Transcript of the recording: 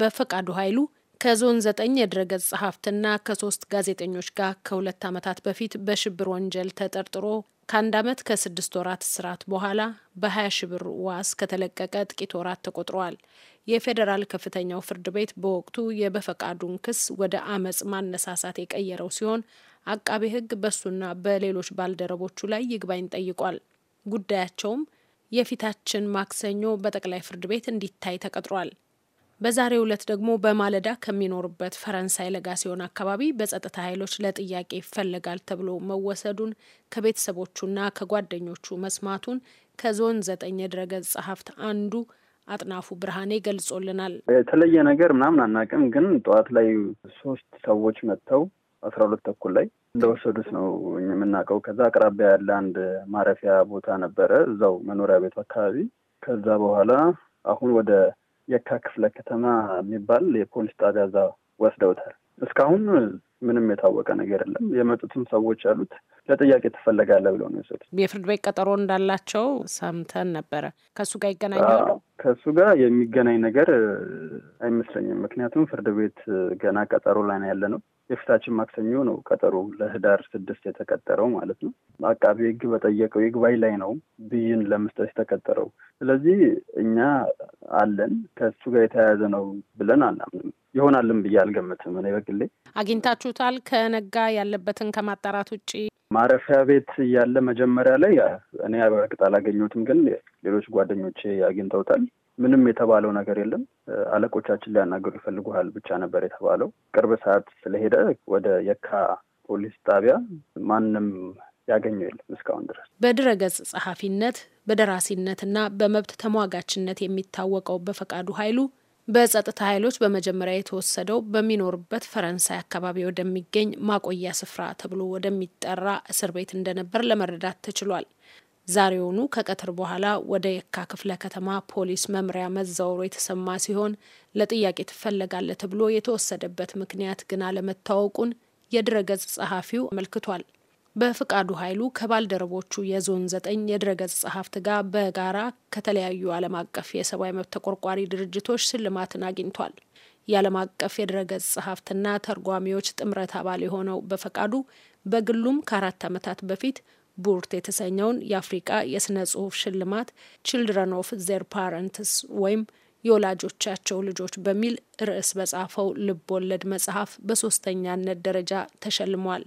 በፈቃዱ ኃይሉ ከዞን ዘጠኝ የድረገጽ ጸሐፍትና ከሶስት ጋዜጠኞች ጋር ከሁለት ዓመታት በፊት በሽብር ወንጀል ተጠርጥሮ ከአንድ ዓመት ከስድስት ወራት እስራት በኋላ በ20 ሺ ብር ዋስ ከተለቀቀ ጥቂት ወራት ተቆጥረዋል። የፌዴራል ከፍተኛው ፍርድ ቤት በወቅቱ የበፈቃዱን ክስ ወደ አመፅ ማነሳሳት የቀየረው ሲሆን አቃቤ ሕግ በሱና በሌሎች ባልደረቦቹ ላይ ይግባኝ ጠይቋል። ጉዳያቸውም የፊታችን ማክሰኞ በጠቅላይ ፍርድ ቤት እንዲታይ ተቀጥሯል። በዛሬው ዕለት ደግሞ በማለዳ ከሚኖርበት ፈረንሳይ ለጋሲዮን አካባቢ በጸጥታ ኃይሎች ለጥያቄ ይፈለጋል ተብሎ መወሰዱን ከቤተሰቦቹና ከጓደኞቹ መስማቱን ከዞን ዘጠኝ የድረገጽ ጸሐፍት አንዱ አጥናፉ ብርሃኔ ገልጾልናል። የተለየ ነገር ምናምን አናውቅም፣ ግን ጠዋት ላይ ሶስት ሰዎች መጥተው አስራ ሁለት ተኩል ላይ እንደወሰዱት ነው የምናውቀው። ከዛ አቅራቢያ ያለ አንድ ማረፊያ ቦታ ነበረ፣ እዛው መኖሪያ ቤቱ አካባቢ። ከዛ በኋላ አሁን ወደ የካ ክፍለ ከተማ የሚባል የፖሊስ ጣቢያ እዛ ወስደውታል። እስካሁን ምንም የታወቀ ነገር የለም። የመጡትም ሰዎች ያሉት ለጥያቄ ትፈለጋለ ብለው ነው የወሰዱት። የፍርድ ቤት ቀጠሮ እንዳላቸው ሰምተን ነበረ። ከእሱ ጋር ይገናኛሉ? ከእሱ ጋር የሚገናኝ ነገር አይመስለኝም። ምክንያቱም ፍርድ ቤት ገና ቀጠሮ ላይ ነው ያለ ነው። የፊታችን ማክሰኞ ነው ቀጠሮ ለህዳር ስድስት የተቀጠረው ማለት ነው። አቃቢ ህግ በጠየቀው ይግባኝ ላይ ነው ብይን ለመስጠት የተቀጠረው። ስለዚህ እኛ አለን ከሱ ጋር የተያያዘ ነው ብለን አናምንም። ይሆናልም ብዬ አልገምትም። እኔ በግሌ አግኝታችሁታል? ከነጋ ያለበትን ከማጣራት ውጭ ማረፊያ ቤት እያለ መጀመሪያ ላይ እኔ በእርግጥ አላገኘሁትም፣ ግን ሌሎች ጓደኞቼ አግኝተውታል። ምንም የተባለው ነገር የለም። አለቆቻችን ሊያናገሩ ይፈልጉሃል ብቻ ነበር የተባለው። ቅርብ ሰዓት ስለሄደ ወደ የካ ፖሊስ ጣቢያ ማንም ያገኘው የለም እስካሁን ድረስ። በድረገጽ ጸሐፊነት በደራሲነትና በመብት ተሟጋችነት የሚታወቀው በፈቃዱ ኃይሉ በጸጥታ ኃይሎች በመጀመሪያ የተወሰደው በሚኖርበት ፈረንሳይ አካባቢ ወደሚገኝ ማቆያ ስፍራ ተብሎ ወደሚጠራ እስር ቤት እንደነበር ለመረዳት ተችሏል። ዛሬውኑ ከቀትር በኋላ ወደ የካ ክፍለ ከተማ ፖሊስ መምሪያ መዛወሩ የተሰማ ሲሆን ለጥያቄ ትፈለጋለህ ተብሎ የተወሰደበት ምክንያት ግን አለመታወቁን የድረገጽ ጸሐፊው አመልክቷል። በፍቃዱ ኃይሉ ከባልደረቦቹ የዞን ዘጠኝ የድረገጽ ጸሐፍት ጋር በጋራ ከተለያዩ ዓለም አቀፍ የሰብአዊ መብት ተቆርቋሪ ድርጅቶች ሽልማትን አግኝቷል። የዓለም አቀፍ የድረገጽ ጸሐፍትና ተርጓሚዎች ጥምረት አባል የሆነው በፈቃዱ በግሉም ከአራት ዓመታት በፊት ቡርት የተሰኘውን የአፍሪቃ የስነ ጽሁፍ ሽልማት ችልድረን ኦፍ ዘር ፓረንትስ ወይም የወላጆቻቸው ልጆች በሚል ርዕስ በጻፈው ልብ ወለድ መጽሐፍ በሶስተኛነት ደረጃ ተሸልሟል።